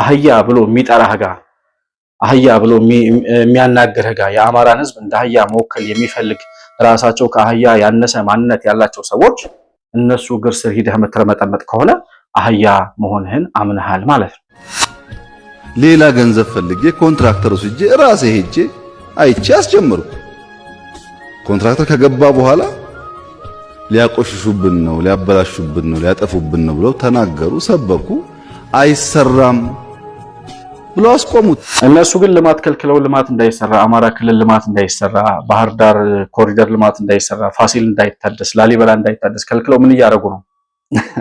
አህያ ብሎ የሚጠራህ ጋር አህያ ብሎ የሚያናግርህ ጋር የአማራን ህዝብ እንደ አህያ መወከል የሚፈልግ ራሳቸው ከአህያ ያነሰ ማንነት ያላቸው ሰዎች እነሱ እግር ስር ሂደህ የምትረመጠመጥ ከሆነ አህያ መሆንህን አምንሃል ማለት ነው። ሌላ ገንዘብ ፈልጌ ኮንትራክተር ወስጄ ራሴ ሄጄ አይቼ አስጀመርኩ። ኮንትራክተር ከገባ በኋላ ሊያቆሽሹብን ነው፣ ሊያበላሹብን ነው፣ ሊያጠፉብን ነው ብለው ተናገሩ፣ ሰበኩ። አይሰራም ብሎ አስቆሙት። እነሱ ግን ልማት ከልክለው ልማት እንዳይሰራ አማራ ክልል ልማት እንዳይሰራ ባህር ዳር ኮሪደር ልማት እንዳይሰራ ፋሲል እንዳይታደስ ላሊበላ እንዳይታደስ ከልክለው ምን እያደረጉ ነው?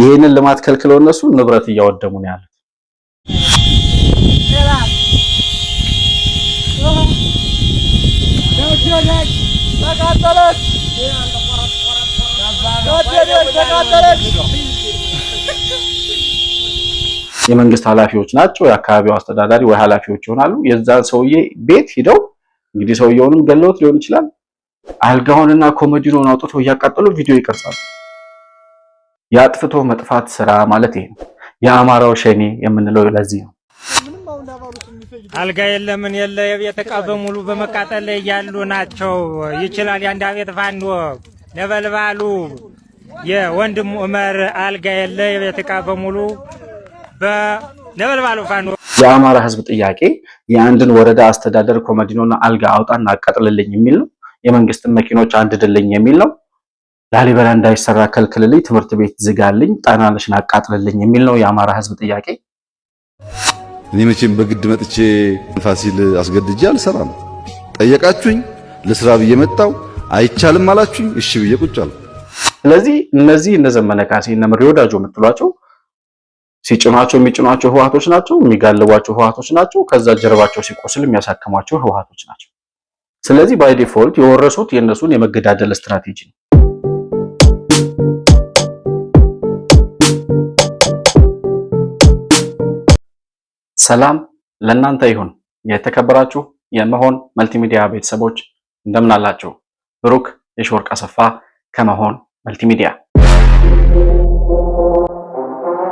ይህንን ልማት ከልክለው እነሱ ንብረት እያወደሙ ነው ያሉት። ተቃጠለች የመንግስት ኃላፊዎች ናቸው። የአካባቢው አስተዳዳሪ ወይ ኃላፊዎች ይሆናሉ። የዛን ሰውዬ ቤት ሂደው እንግዲህ ሰውየውንም ገለውት ሊሆን ይችላል። አልጋውንና ኮመዲኖን አውጥቶ እያቃጠሉ ቪዲዮ ይቀርጻሉ። የአጥፍቶ መጥፋት ስራ ማለት ይሄ ነው። የአማራው ሸኔ የምንለው ለዚህ ነው። አልጋ የለምን የለ የቤት እቃ በሙሉ በመቃጠል ላይ ያሉ ናቸው። ይችላል የአንድ አቤት ፋኖ ነበልባሉ የወንድም ዑመር አልጋ የለ የቤት ዕቃ በሙሉ በነበልባሉ ፋኖ የአማራ ህዝብ ጥያቄ የአንድን ወረዳ አስተዳደር ኮመዲኖና አልጋ አውጣና አቃጥልልኝ የሚል ነው። የመንግስትን መኪኖች አንድድልኝ የሚል ነው። ላሊበላ እንዳይሰራ ከልክልልኝ፣ ትምህርት ቤት ዝጋልኝ፣ ጣናለሽን አቃጥልልኝ የሚል ነው የአማራ ህዝብ ጥያቄ። እኔ መቼም በግድ መጥቼ ፋሲል አስገድጄ አልሰራም። ጠየቃችሁኝ፣ ለስራ ብዬ መጣው፣ አይቻልም አላችሁኝ፣ እሺ ብዬ ቁጫል። ስለዚህ እነዚህ እነ ዘመነ ካሴ እነ ምሬ ወዳጆ የምትሏቸው ሲጭኗቸው የሚጭኗቸው ህወሓቶች ናቸው፣ የሚጋልቧቸው ህወሓቶች ናቸው። ከዛ ጀርባቸው ሲቆስል የሚያሳክሟቸው ህወሓቶች ናቸው። ስለዚህ ባይ ዲፎልት የወረሱት የእነሱን የመገዳደል ስትራቴጂ ነው። ሰላም ለእናንተ ይሁን። የተከበራችሁ የመሆን መልቲሚዲያ ቤተሰቦች እንደምን አላችሁ? ብሩክ የሾርቅ አሰፋ ከመሆን መልቲሚዲያ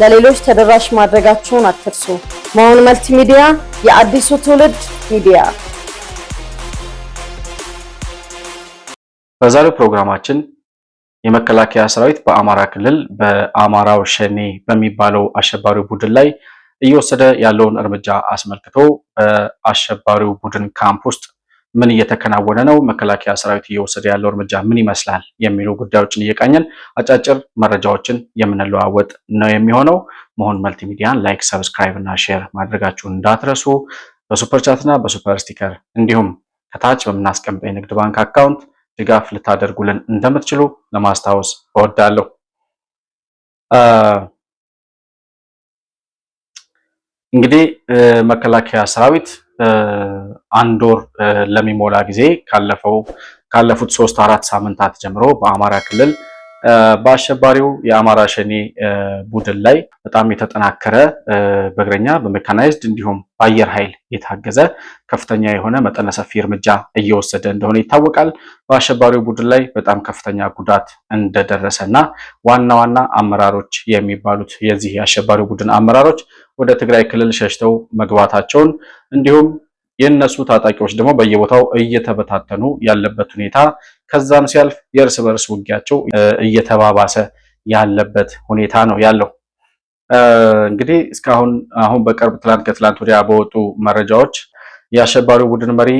ለሌሎች ተደራሽ ማድረጋቸውን አትርሱ። መሆን መልቲሚዲያ ሚዲያ የአዲሱ ትውልድ ሚዲያ። በዛሬው ፕሮግራማችን የመከላከያ ሰራዊት በአማራ ክልል በአማራው ሸኔ በሚባለው አሸባሪው ቡድን ላይ እየወሰደ ያለውን እርምጃ አስመልክቶ በአሸባሪው ቡድን ካምፕ ውስጥ ምን እየተከናወነ ነው፣ መከላከያ ሰራዊት እየወሰደ ያለው እርምጃ ምን ይመስላል የሚሉ ጉዳዮችን እየቃኘን አጫጭር መረጃዎችን የምንለዋወጥ ነው የሚሆነው። መሆን መልቲሚዲያን ላይክ፣ ሰብስክራይብ እና ሼር ማድረጋችሁን እንዳትረሱ። በሱፐር ቻትና በሱፐር ስቲከር እንዲሁም ከታች በምናስቀምጠው የንግድ ባንክ አካውንት ድጋፍ ልታደርጉልን እንደምትችሉ ለማስታወስ እወዳለሁ። እንግዲህ መከላከያ ሰራዊት አንድ ወር ለሚሞላ ጊዜ ካለፉት ሶስት አራት ሳምንታት ጀምሮ በአማራ ክልል በአሸባሪው የአማራ ሸኔ ቡድን ላይ በጣም የተጠናከረ በእግረኛ በሜካናይዝድ እንዲሁም በአየር ኃይል የታገዘ ከፍተኛ የሆነ መጠነ ሰፊ እርምጃ እየወሰደ እንደሆነ ይታወቃል። በአሸባሪው ቡድን ላይ በጣም ከፍተኛ ጉዳት እንደደረሰ እና ዋና ዋና አመራሮች የሚባሉት የዚህ የአሸባሪው ቡድን አመራሮች ወደ ትግራይ ክልል ሸሽተው መግባታቸውን እንዲሁም የእነሱ ታጣቂዎች ደግሞ በየቦታው እየተበታተኑ ያለበት ሁኔታ ከዛም ሲያልፍ የእርስ በርስ ውጊያቸው እየተባባሰ ያለበት ሁኔታ ነው ያለው። እንግዲህ እስካሁን አሁን በቅርብ ትላንት ከትላንት ወዲያ በወጡ መረጃዎች የአሸባሪው ቡድን መሪ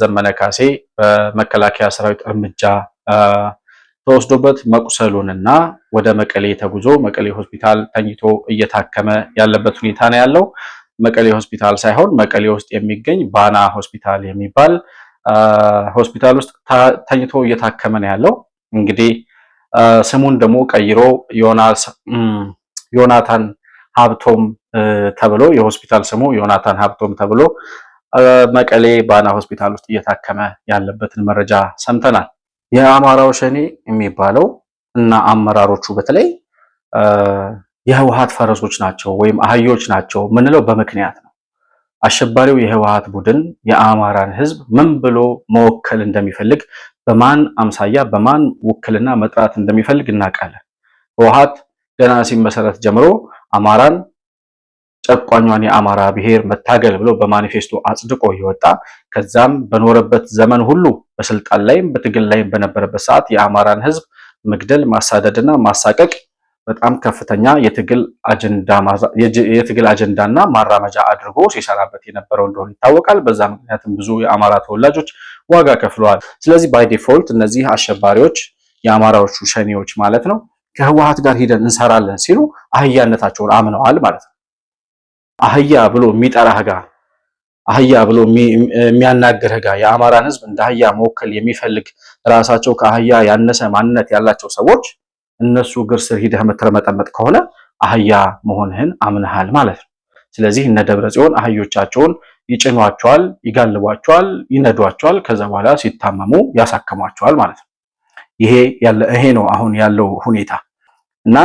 ዘመነ ካሴ በመከላከያ ሰራዊት እርምጃ ተወስዶበት መቁሰሉንና ወደ መቀሌ ተጉዞ መቀሌ ሆስፒታል ተኝቶ እየታከመ ያለበት ሁኔታ ነው ያለው። መቀሌ ሆስፒታል ሳይሆን መቀሌ ውስጥ የሚገኝ ባና ሆስፒታል የሚባል ሆስፒታል ውስጥ ተኝቶ እየታከመ ነው ያለው። እንግዲህ ስሙን ደግሞ ቀይሮ ዮናታን ሀብቶም ተብሎ የሆስፒታል ስሙ ዮናታን ሀብቶም ተብሎ መቀሌ ባና ሆስፒታል ውስጥ እየታከመ ያለበትን መረጃ ሰምተናል። የአማራው ሸኔ የሚባለው እና አመራሮቹ በተለይ የህወሀት ፈረሶች ናቸው ወይም አህዮች ናቸው ምንለው በምክንያት ነው። አሸባሪው የህወሀት ቡድን የአማራን ህዝብ ምን ብሎ መወከል እንደሚፈልግ በማን አምሳያ በማን ውክልና መጥራት እንደሚፈልግ እናውቃለን። ህወሓት ገና ሲመሰረት ጀምሮ አማራን ጨቋኟን የአማራ ብሔር መታገል ብሎ በማኒፌስቶ አጽድቆ የወጣ ከዛም በኖረበት ዘመን ሁሉ በስልጣን ላይም በትግል ላይም በነበረበት ሰዓት የአማራን ህዝብ መግደል ማሳደድና ማሳቀቅ በጣም ከፍተኛ የትግል አጀንዳና ማራመጃ አድርጎ ሲሰራበት የነበረው እንደሆነ ይታወቃል። በዛ ምክንያትም ብዙ የአማራ ተወላጆች ዋጋ ከፍለዋል። ስለዚህ ባይ ዲፎልት እነዚህ አሸባሪዎች የአማራዎቹ ሸኔዎች ማለት ነው ከህወሓት ጋር ሂደን እንሰራለን ሲሉ አህያነታቸውን አምነዋል ማለት ነው። አህያ ብሎ የሚጠራህ ጋር አህያ ብሎ የሚያናግርህ ጋር የአማራን ህዝብ እንደ አህያ መወከል የሚፈልግ ራሳቸው ከአህያ ያነሰ ማንነት ያላቸው ሰዎች እነሱ እግር ስር ሂደህ የምትረመጠመጥ ከሆነ አህያ መሆንህን አምነሃል ማለት ነው። ስለዚህ እነ ደብረ ጽዮን አህዮቻቸውን ይጭኗቸዋል፣ ይጋልቧቸዋል፣ ይነዷቸዋል። ከዛ በኋላ ሲታመሙ ያሳከሟቸዋል ማለት ነው። ይሄ ያለ ይሄ ነው አሁን ያለው ሁኔታ እና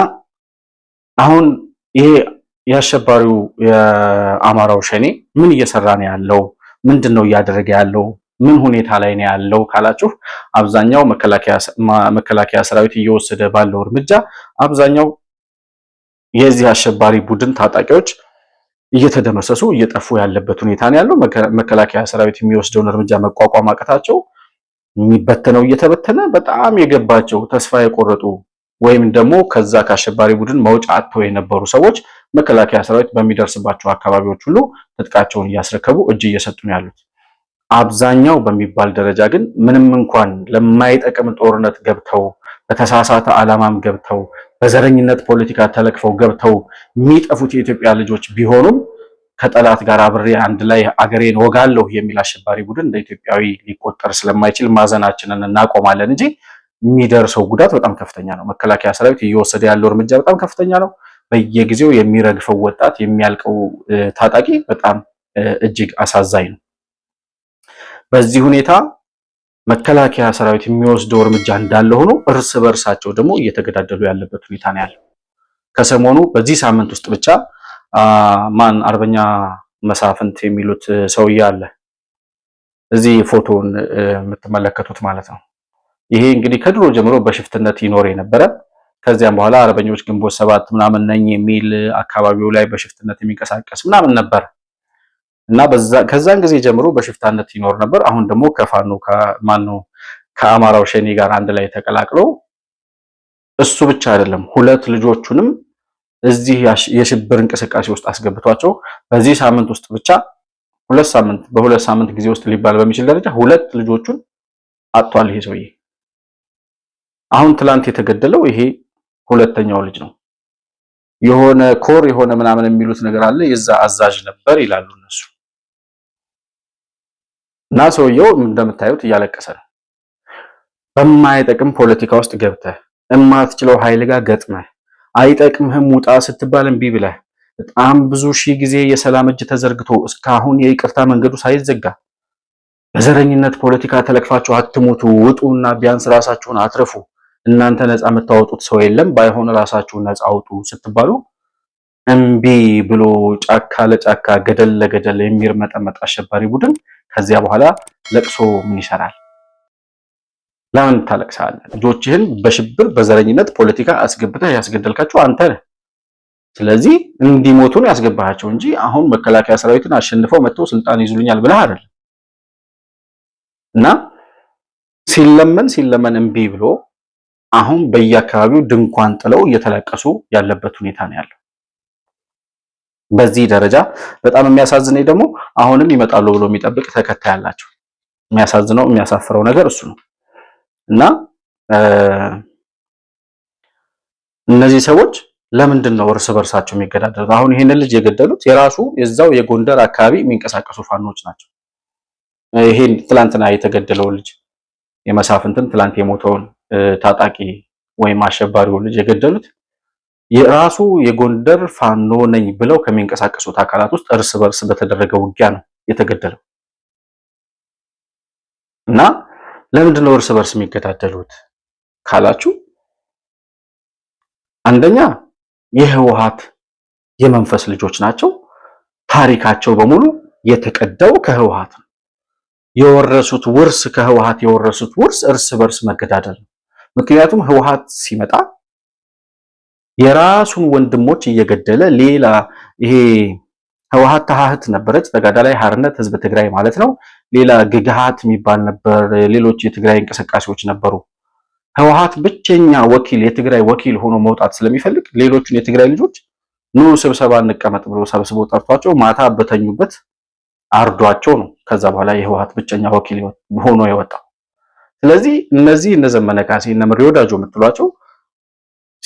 አሁን ይሄ የአሸባሪው የአማራው ሸኔ ምን እየሰራ ነው ያለው? ምንድን ነው እያደረገ ያለው? ምን ሁኔታ ላይ ነው ያለው ካላችሁ አብዛኛው መከላከያ ሰራዊት እየወሰደ ባለው እርምጃ አብዛኛው የዚህ አሸባሪ ቡድን ታጣቂዎች እየተደመሰሱ እየጠፉ ያለበት ሁኔታ ነው ያለው። መከላከያ ሰራዊት የሚወስደውን እርምጃ መቋቋም አቅታቸው የሚበተነው እየተበተነ በጣም የገባቸው ተስፋ የቆረጡ ወይም ደግሞ ከዛ ከአሸባሪ ቡድን መውጫ አጥተው የነበሩ ሰዎች መከላከያ ሰራዊት በሚደርስባቸው አካባቢዎች ሁሉ ትጥቃቸውን እያስረከቡ እጅ እየሰጡ ነው ያሉት። አብዛኛው በሚባል ደረጃ ግን ምንም እንኳን ለማይጠቅም ጦርነት ገብተው በተሳሳተ ዓላማም ገብተው በዘረኝነት ፖለቲካ ተለክፈው ገብተው የሚጠፉት የኢትዮጵያ ልጆች ቢሆኑም ከጠላት ጋር አብሬ አንድ ላይ አገሬን ወጋለሁ የሚል አሸባሪ ቡድን እንደ ኢትዮጵያዊ ሊቆጠር ስለማይችል ማዘናችንን እናቆማለን እንጂ የሚደርሰው ጉዳት በጣም ከፍተኛ ነው። መከላከያ ሰራዊት እየወሰደ ያለው እርምጃ በጣም ከፍተኛ ነው። በየጊዜው የሚረግፈው ወጣት፣ የሚያልቀው ታጣቂ በጣም እጅግ አሳዛኝ ነው። በዚህ ሁኔታ መከላከያ ሰራዊት የሚወስደው እርምጃ እንዳለ ሆኖ እርስ በእርሳቸው ደግሞ እየተገዳደሉ ያለበት ሁኔታ ነው ያለው። ከሰሞኑ በዚህ ሳምንት ውስጥ ብቻ ማን አርበኛ መሳፍንት የሚሉት ሰውዬ አለ እዚህ ፎቶውን የምትመለከቱት ማለት ነው። ይሄ እንግዲህ ከድሮ ጀምሮ በሽፍትነት ይኖር የነበረ ከዚያም በኋላ አርበኞች ግንቦት ሰባት ምናምን ነኝ የሚል አካባቢው ላይ በሽፍትነት የሚንቀሳቀስ ምናምን ነበር። እና ከዛን ጊዜ ጀምሮ በሽፍታነት ይኖር ነበር። አሁን ደግሞ ከፋኖ ማነው ከአማራው ሸኔ ጋር አንድ ላይ ተቀላቅለው እሱ ብቻ አይደለም ሁለት ልጆቹንም እዚህ የሽብር እንቅስቃሴ ውስጥ አስገብቷቸው በዚህ ሳምንት ውስጥ ብቻ ሁለት ሳምንት በሁለት ሳምንት ጊዜ ውስጥ ሊባል በሚችል ደረጃ ሁለት ልጆቹን አጥቷል ይሄ ሰውዬ። አሁን ትላንት የተገደለው ይሄ ሁለተኛው ልጅ ነው። የሆነ ኮር የሆነ ምናምን የሚሉት ነገር አለ። የዛ አዛዥ ነበር ይላሉ እነሱ። እና ሰውየው እንደምታዩት እያለቀሰ ነው። በማይጠቅም ፖለቲካ ውስጥ ገብተህ እማትችለው ኃይል ጋር ገጥመህ አይጠቅምህም ውጣ ስትባል እምቢ ብለህ በጣም ብዙ ሺህ ጊዜ የሰላም እጅ ተዘርግቶ እስካሁን የይቅርታ መንገዱ ሳይዘጋ በዘረኝነት ፖለቲካ ተለክፋችሁ አትሙቱ፣ ውጡና ቢያንስ ራሳችሁን አትርፉ፣ እናንተ ነፃ የምታወጡት ሰው የለም፣ ባይሆን ራሳችሁን ነፃ አውጡ ስትባሉ እምቢ ብሎ ጫካ ለጫካ ገደል ለገደል የሚርመጠመጥ አሸባሪ ቡድን ከዚያ በኋላ ለቅሶ ምን ይሰራል? ለምን ታለቅሳለህ? ልጆችህን በሽብር በዘረኝነት ፖለቲካ አስገብተህ ያስገደልካቸው አንተ ነህ። ስለዚህ እንዲሞቱ ነው ያስገባሃቸው እንጂ አሁን መከላከያ ሰራዊትን አሸንፈው መጥተው ስልጣን ይዙልኛል ብለህ አይደለም። እና ሲለመን ሲለመን እምቢ ብሎ አሁን በየአካባቢው ድንኳን ጥለው እየተለቀሱ ያለበት ሁኔታ ነው ያለው። በዚህ ደረጃ በጣም የሚያሳዝነኝ ደግሞ አሁንም ይመጣሉ ብሎ የሚጠብቅ ተከታይ አላቸው። የሚያሳዝነው የሚያሳፍረው ነገር እሱ ነው እና እነዚህ ሰዎች ለምንድን ነው እርስ በርሳቸው የሚገዳደሉት? አሁን ይሄንን ልጅ የገደሉት የራሱ የዛው የጎንደር አካባቢ የሚንቀሳቀሱ ፋኖች ናቸው። ይሄን ትላንትና የተገደለው ልጅ የመሳፍንትን ትላንት የሞተውን ታጣቂ ወይም አሸባሪውን ልጅ የገደሉት የራሱ የጎንደር ፋኖ ነኝ ብለው ከሚንቀሳቀሱት አካላት ውስጥ እርስ በርስ በተደረገ ውጊያ ነው የተገደለው። እና ለምንድን ነው እርስ በርስ የሚገዳደሉት ካላችሁ፣ አንደኛ የህወሓት የመንፈስ ልጆች ናቸው። ታሪካቸው በሙሉ የተቀዳው ከህወሓት ነው። የወረሱት ውርስ ከህወሓት የወረሱት ውርስ እርስ በርስ መገዳደል ነው። ምክንያቱም ህወሓት ሲመጣ የራሱን ወንድሞች እየገደለ ሌላ ይሄ ህወሀት ተሀህት ነበረች፣ ተጋዳላይ ሀርነት ህዝብ ትግራይ ማለት ነው። ሌላ ግግሃት የሚባል ነበር። ሌሎች የትግራይ እንቅስቃሴዎች ነበሩ። ህወሀት ብቸኛ ወኪል የትግራይ ወኪል ሆኖ መውጣት ስለሚፈልግ ሌሎቹን የትግራይ ልጆች ኑ ስብሰባ እንቀመጥ ብሎ ሰብስቦ ጠርቷቸው ማታ በተኙበት አርዷቸው ነው። ከዛ በኋላ የህወሀት ብቸኛ ወኪል ሆኖ የወጣው። ስለዚህ እነዚህ እነ ዘመነ ካሴ እነ ምሬ ወዳጆ የምትሏቸው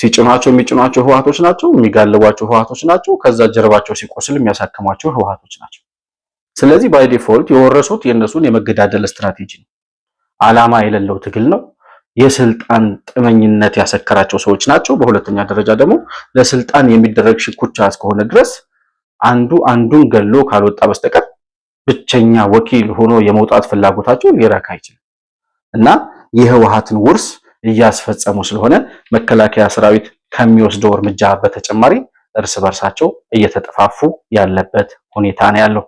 ሲጭኗቸው የሚጭኗቸው ህወሓቶች ናቸው፣ የሚጋልቧቸው ህወሓቶች ናቸው። ከዛ ጀርባቸው ሲቆስል የሚያሳክሟቸው ህወሓቶች ናቸው። ስለዚህ ባይ ዲፎልት የወረሱት የእነሱን የመገዳደል ስትራቴጂ ነው። አላማ የሌለው ትግል ነው። የስልጣን ጥመኝነት ያሰከራቸው ሰዎች ናቸው። በሁለተኛ ደረጃ ደግሞ ለስልጣን የሚደረግ ሽኩቻ እስከሆነ ድረስ አንዱ አንዱን ገሎ ካልወጣ በስተቀር ብቸኛ ወኪል ሆኖ የመውጣት ፍላጎታቸው ሊረካ አይችልም እና የህወሓትን ውርስ እያስፈጸሙ ስለሆነ መከላከያ ሰራዊት ከሚወስደው እርምጃ በተጨማሪ እርስ በርሳቸው እየተጠፋፉ ያለበት ሁኔታ ነው ያለው።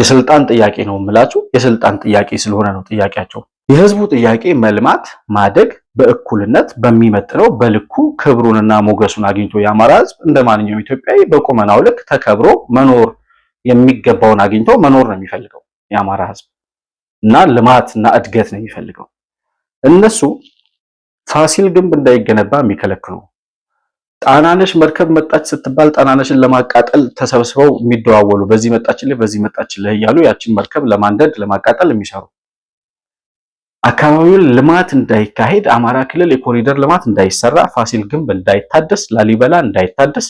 የስልጣን ጥያቄ ነው የምላችሁ። የስልጣን ጥያቄ ስለሆነ ነው ጥያቄያቸው። የህዝቡ ጥያቄ መልማት፣ ማደግ በእኩልነት በሚመጥነው በልኩ ክብሩንና ሞገሱን አግኝቶ የአማራ ህዝብ እንደ ማንኛውም ኢትዮጵያዊ በቁመናው ልክ ተከብሮ መኖር የሚገባውን አግኝቶ መኖር ነው የሚፈልገው የአማራ ህዝብ እና ልማትና እድገት ነው የሚፈልገው። እነሱ ፋሲል ግንብ እንዳይገነባ የሚከለክሉ ጣናነሽ መርከብ መጣች ስትባል ጣናነሽን ለማቃጠል ተሰብስበው የሚደዋወሉ በዚህ መጣችልህ፣ በዚህ መጣችልህ እያሉ ያችን መርከብ ለማንደድ ለማቃጠል የሚሰሩ አካባቢውን ልማት እንዳይካሄድ አማራ ክልል የኮሪደር ልማት እንዳይሰራ ፋሲል ግንብ እንዳይታደስ ላሊበላ እንዳይታደስ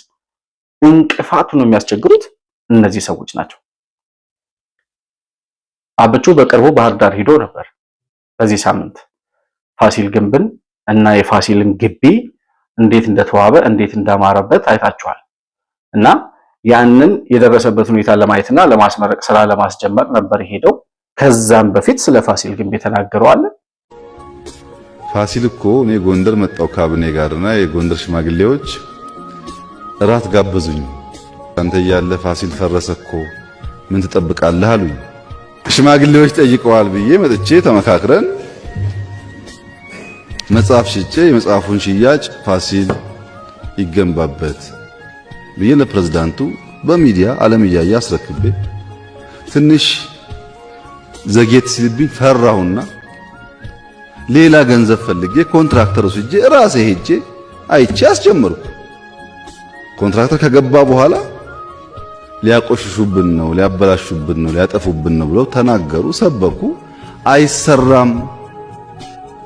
እንቅፋቱ ነው የሚያስቸግሩት እነዚህ ሰዎች ናቸው። አብቹ በቅርቡ ባህር ዳር ሂዶ ነበር በዚህ ሳምንት ፋሲል ግንብን እና የፋሲልን ግቢ እንዴት እንደተዋበ እንዴት እንዳማረበት አይታችኋል። እና ያንን የደረሰበት ሁኔታ ለማየትና ለማስመረቅ ስራ ለማስጀመር ነበር ሄደው። ከዛም በፊት ስለ ፋሲል ግንብ የተናገረዋል። ፋሲል እኮ እኔ ጎንደር መጣው ካብኔ ጋርና የጎንደር ሽማግሌዎች እራት ጋበዙኝ። አንተ እያለ ፋሲል እኮ ምን ትጠብቃለህ አሉኝ። ሽማግሌዎች ጠይቀዋል ብዬ መጥቼ ተመካክረን መጽሐፍ ሽጬ የመጽሐፉን ሽያጭ ፋሲል ይገንባበት ብዬ ለፕሬዝዳንቱ በሚዲያ ዓለም እያየ አስረክቤ ትንሽ ዘጌት ሲልብኝ ፈራሁና ሌላ ገንዘብ ፈልጌ ኮንትራክተር ወስጄ ራሴ ሄጄ አይቼ አስጀመርኩ። ኮንትራክተር ከገባ በኋላ ሊያቆሽሹብን ነው፣ ሊያበላሹብን ነው፣ ሊያጠፉብን ነው ብለው ተናገሩ። ሰበኩ። አይሰራም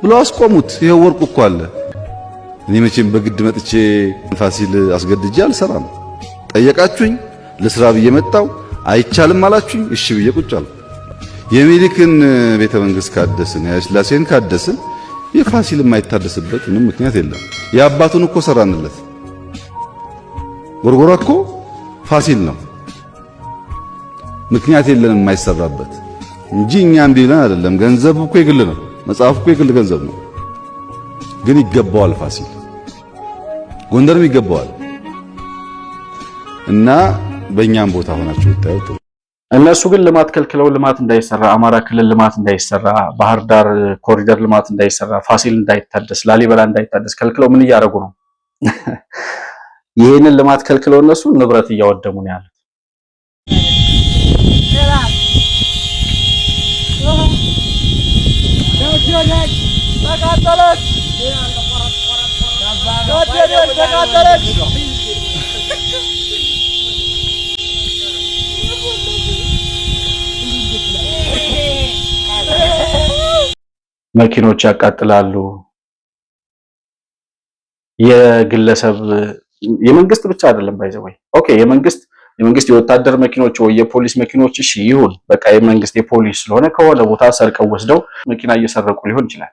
ብሎ አስቆሙት። ይሄ ወርቁ እኮ አለ። እኔ መቼም በግድ መጥቼ ፋሲል አስገድጄ አልሰራም። ጠየቃችሁኝ፣ ለስራ ብዬ መጣው። አይቻልም አላችሁኝ፣ እሺ ብዬ ቁጭ አልኩ። የሚኒልክን ቤተ መንግስት ካደስን፣ የስላሴን ካደስን የፋሲል የማይታደስበት ምንም ምክንያት የለም። የአባቱን እኮ ሰራንለት። ጎርጎራ እኮ ፋሲል ነው። ምክንያት የለንም የማይሰራበት እንጂ እኛ እምቢ ብለን አይደለም። ገንዘቡ እኮ የግል ነው። መጽሐፍ እኮ የግል ገንዘብ ነው፣ ግን ይገባዋል። ፋሲል ጎንደርም ይገባዋል እና በእኛም ቦታ ሆናችሁ ይታዩት። እነሱ ግን ልማት ከልክለው ልማት እንዳይሰራ አማራ ክልል ልማት እንዳይሰራ ባህር ዳር ኮሪደር ልማት እንዳይሰራ ፋሲል እንዳይታደስ ላሊበላ እንዳይታደስ ከልክለው ምን እያደረጉ ነው? ይሄንን ልማት ከልክለው እነሱ ንብረት እያወደሙ ነው ያለ ጋደነች ተቃጠለች፣ ጋደነች ተቃጠለች። መኪኖች ያቃጥላሉ። የግለሰብ የመንግስት ብቻ አይደለም ባይዘ ኦኬ የመንግስት የመንግስት የወታደር መኪኖች ወይ የፖሊስ መኪኖች እሺ ይሁን፣ በቃ የመንግስት የፖሊስ ስለሆነ ከሆነ ቦታ ሰርቀው ወስደው መኪና እየሰረቁ ሊሆን ይችላል።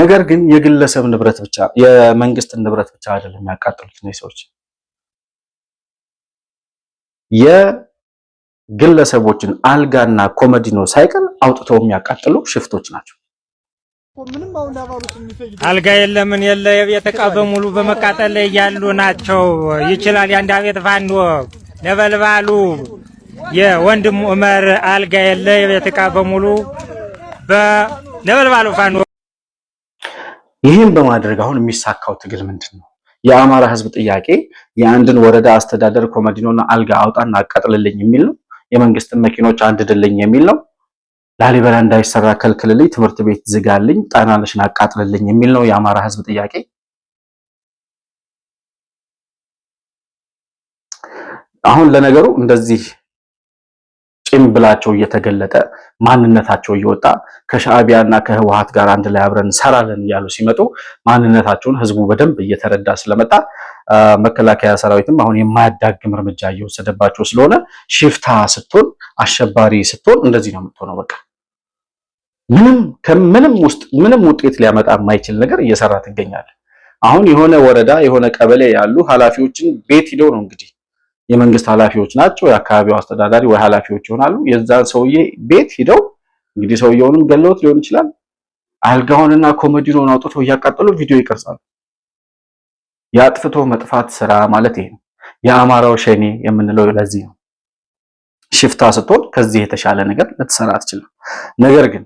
ነገር ግን የግለሰብ ንብረት ብቻ የመንግስት ንብረት ብቻ አይደለም የሚያቃጥሉት እነዚህ ሰዎች የግለሰቦችን አልጋና ኮመዲኖ ሳይቀር አውጥተው የሚያቃጥሉ ሽፍቶች ናቸው። አልጋ የለ ምን የለ የቤት እቃ በሙሉ በመቃጠል ላይ ያሉ ናቸው። ይችላል የአንድ ቤት ፋኖ ነበልባሉ የወንድም ዑመር አልጋ የለ የቤት እቃ በሙሉ በነበልባሉ ፋኖ። ይህን በማድረግ አሁን የሚሳካው ትግል ምንድን ነው? የአማራ ህዝብ ጥያቄ የአንድን ወረዳ አስተዳደር ኮመዲኖና አልጋ አውጣና አቃጥልልኝ የሚል ነው። የመንግስትን መኪኖች አንድድልኝ የሚል ነው። ላሊበላ እንዳይሰራ ከልክልልኝ፣ ትምህርት ቤት ዝጋልኝ፣ ጣናነሽን አቃጥልልኝ የሚል ነው የአማራ ህዝብ ጥያቄ። አሁን ለነገሩ እንደዚህ ጭም ብላቸው እየተገለጠ ማንነታቸው እየወጣ ከሻዕቢያና ከህወሓት ጋር አንድ ላይ አብረን እንሰራለን እያሉ ሲመጡ ማንነታቸውን ህዝቡ በደንብ እየተረዳ ስለመጣ መከላከያ ሰራዊትም አሁን የማያዳግም እርምጃ እየወሰደባቸው ስለሆነ ሽፍታ ስትሆን፣ አሸባሪ ስትሆን እንደዚህ ነው የምትሆነው በቃ። ምንም ከምንም ውስጥ ምንም ውጤት ሊያመጣ የማይችል ነገር እየሰራ ትገኛለህ። አሁን የሆነ ወረዳ የሆነ ቀበሌ ያሉ ኃላፊዎችን ቤት ሂደው ነው እንግዲህ የመንግስት ኃላፊዎች ናቸው፣ የአካባቢው አስተዳዳሪ ወይ ኃላፊዎች ይሆናሉ። የዛን ሰውዬ ቤት ሂደው እንግዲህ ሰውየውንም ገለውት ሊሆን ይችላል። አልጋውንና ኮመዲኖን አውጥተው እያቃጠሉ ቪዲዮ ይቀርጻሉ። የአጥፍቶ መጥፋት ስራ ማለት ይሄ ነው። የአማራው ሸኔ የምንለው ለዚህ ነው። ሽፍታ ስትሆን ከዚህ የተሻለ ነገር ልትሰራ አትችልም። ነገር ግን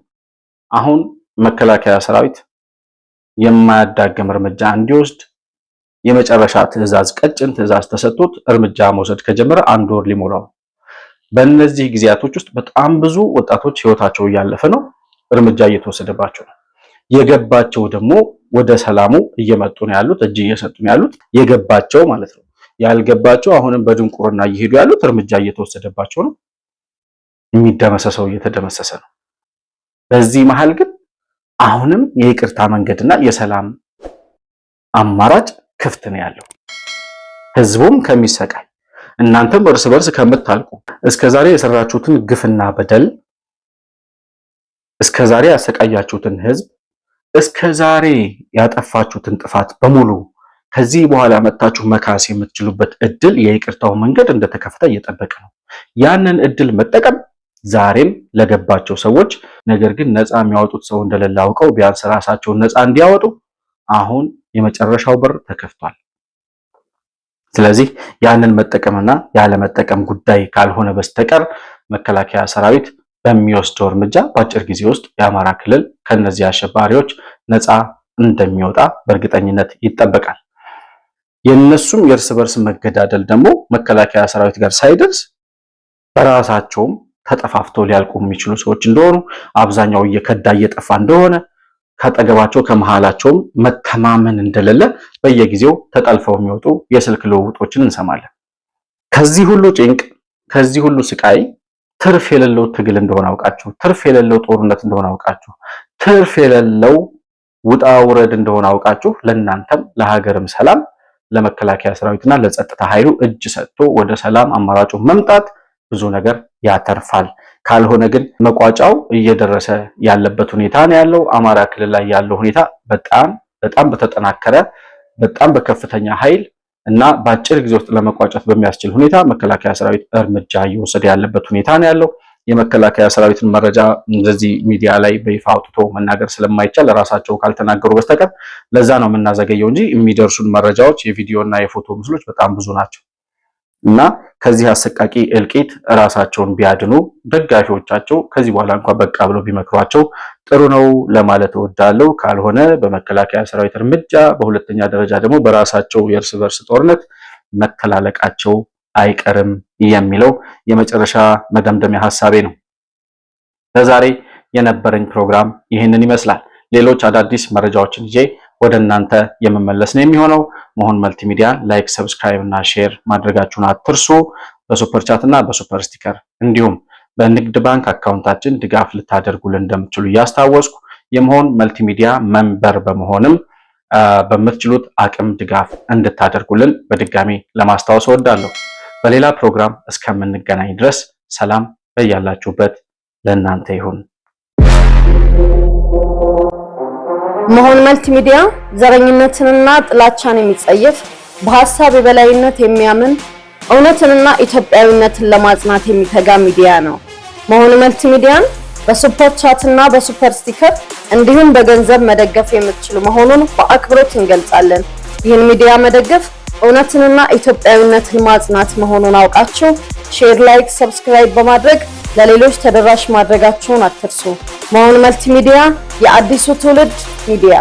አሁን መከላከያ ሰራዊት የማያዳግም እርምጃ እንዲወስድ የመጨረሻ ትዕዛዝ፣ ቀጭን ትዕዛዝ ተሰጥቶት እርምጃ መውሰድ ከጀመረ አንድ ወር ሊሞላው። በእነዚህ ጊዜያቶች ውስጥ በጣም ብዙ ወጣቶች ህይወታቸው እያለፈ ነው፣ እርምጃ እየተወሰደባቸው ነው። የገባቸው ደግሞ ወደ ሰላሙ እየመጡ ነው ያሉት፣ እጅ እየሰጡ ነው ያሉት፣ የገባቸው ማለት ነው። ያልገባቸው አሁንም በድንቁርና እየሄዱ ያሉት እርምጃ እየተወሰደባቸው ነው። የሚደመሰሰው እየተደመሰሰ ነው። በዚህ መሀል ግን አሁንም የይቅርታ መንገድና የሰላም አማራጭ ክፍት ነው ያለው። ህዝቡም ከሚሰቃይ እናንተም እርስ በርስ ከምታልቁ እስከዛሬ የሰራችሁትን ግፍና በደል እስከዛሬ ያሰቃያችሁትን ህዝብ እስከዛሬ ያጠፋችሁትን ጥፋት በሙሉ ከዚህ በኋላ መታችሁ መካስ የምትችሉበት እድል የይቅርታው መንገድ እንደተከፈተ እየጠበቀ ነው። ያንን እድል መጠቀም ዛሬም ለገባቸው ሰዎች ነገር ግን ነፃ የሚያወጡት ሰው እንደሌለ አውቀው ቢያንስ ራሳቸውን ነፃ እንዲያወጡ አሁን የመጨረሻው በር ተከፍቷል። ስለዚህ ያንን መጠቀምና ያለመጠቀም ጉዳይ ካልሆነ በስተቀር መከላከያ ሰራዊት በሚወስደው እርምጃ በአጭር ጊዜ ውስጥ የአማራ ክልል ከነዚህ አሸባሪዎች ነፃ እንደሚወጣ በእርግጠኝነት ይጠበቃል። የእነሱም የእርስ በርስ መገዳደል ደግሞ መከላከያ ሰራዊት ጋር ሳይደርስ በራሳቸውም ተጠፋፍተው ሊያልቁ የሚችሉ ሰዎች እንደሆኑ አብዛኛው እየከዳ እየጠፋ እንደሆነ ከአጠገባቸው ከመሃላቸውም መተማመን እንደሌለ በየጊዜው ተጠልፈው የሚወጡ የስልክ ልውውጦችን እንሰማለን። ከዚህ ሁሉ ጭንቅ፣ ከዚህ ሁሉ ስቃይ ትርፍ የሌለው ትግል እንደሆነ አውቃችሁ፣ ትርፍ የሌለው ጦርነት እንደሆነ አውቃችሁ፣ ትርፍ የሌለው ውጣ ውረድ እንደሆነ አውቃችሁ ለእናንተም ለሀገርም ሰላም ለመከላከያ ሰራዊትና ለጸጥታ ኃይሉ እጅ ሰጥቶ ወደ ሰላም አማራጩ መምጣት ብዙ ነገር ያተርፋል። ካልሆነ ግን መቋጫው እየደረሰ ያለበት ሁኔታ ነው ያለው። አማራ ክልል ላይ ያለው ሁኔታ በጣም በጣም በተጠናከረ በጣም በከፍተኛ ኃይል እና በአጭር ጊዜ ውስጥ ለመቋጨት በሚያስችል ሁኔታ መከላከያ ሰራዊት እርምጃ እየወሰደ ያለበት ሁኔታ ነው ያለው። የመከላከያ ሰራዊትን መረጃ እንደዚህ ሚዲያ ላይ በይፋ አውጥቶ መናገር ስለማይቻል ራሳቸው ካልተናገሩ በስተቀር ለዛ ነው የምናዘገየው እንጂ የሚደርሱን መረጃዎች የቪዲዮ እና የፎቶ ምስሎች በጣም ብዙ ናቸው። እና ከዚህ አሰቃቂ እልቂት እራሳቸውን ቢያድኑ ደጋፊዎቻቸው ከዚህ በኋላ እንኳ በቃ ብለው ቢመክሯቸው ጥሩ ነው ለማለት እወዳለሁ። ካልሆነ በመከላከያ ሰራዊት እርምጃ፣ በሁለተኛ ደረጃ ደግሞ በራሳቸው የእርስ በርስ ጦርነት መተላለቃቸው አይቀርም የሚለው የመጨረሻ መደምደሚያ ሀሳቤ ነው። ለዛሬ የነበረኝ ፕሮግራም ይህንን ይመስላል። ሌሎች አዳዲስ መረጃዎችን ይዤ ወደ እናንተ የምመለስ ነው የሚሆነው። መሆን መልቲሚዲያ ላይክ፣ ሰብስክራይብ እና ሼር ማድረጋችሁን አትርሱ። በሱፐር ቻት እና በሱፐር ስቲከር እንዲሁም በንግድ ባንክ አካውንታችን ድጋፍ ልታደርጉልን እንደምትችሉ እያስታወስኩ የመሆን መልቲሚዲያ መንበር በመሆንም በምትችሉት አቅም ድጋፍ እንድታደርጉልን በድጋሚ ለማስታወስ እወዳለሁ። በሌላ ፕሮግራም እስከምንገናኝ ድረስ ሰላም በያላችሁበት ለእናንተ ይሁን። መሆን መልቲ ሚዲያ ዘረኝነትንና ጥላቻን የሚጸየፍ በሀሳብ የበላይነት የሚያምን እውነትንና ኢትዮጵያዊነትን ለማጽናት የሚተጋ ሚዲያ ነው። መሆን መልቲ ሚዲያን በሱፐር ቻት እና በሱፐር ስቲከር እንዲሁም በገንዘብ መደገፍ የምትችሉ መሆኑን በአክብሮት እንገልጻለን። ይህን ሚዲያ መደገፍ እውነትንና ኢትዮጵያዊነትን ማጽናት መሆኑን አውቃችሁ ሼር፣ ላይክ፣ ሰብስክራይብ በማድረግ ለሌሎች ተደራሽ ማድረጋችሁን አትርሱ። መሆን መልቲሚዲያ የአዲሱ ትውልድ ሚዲያ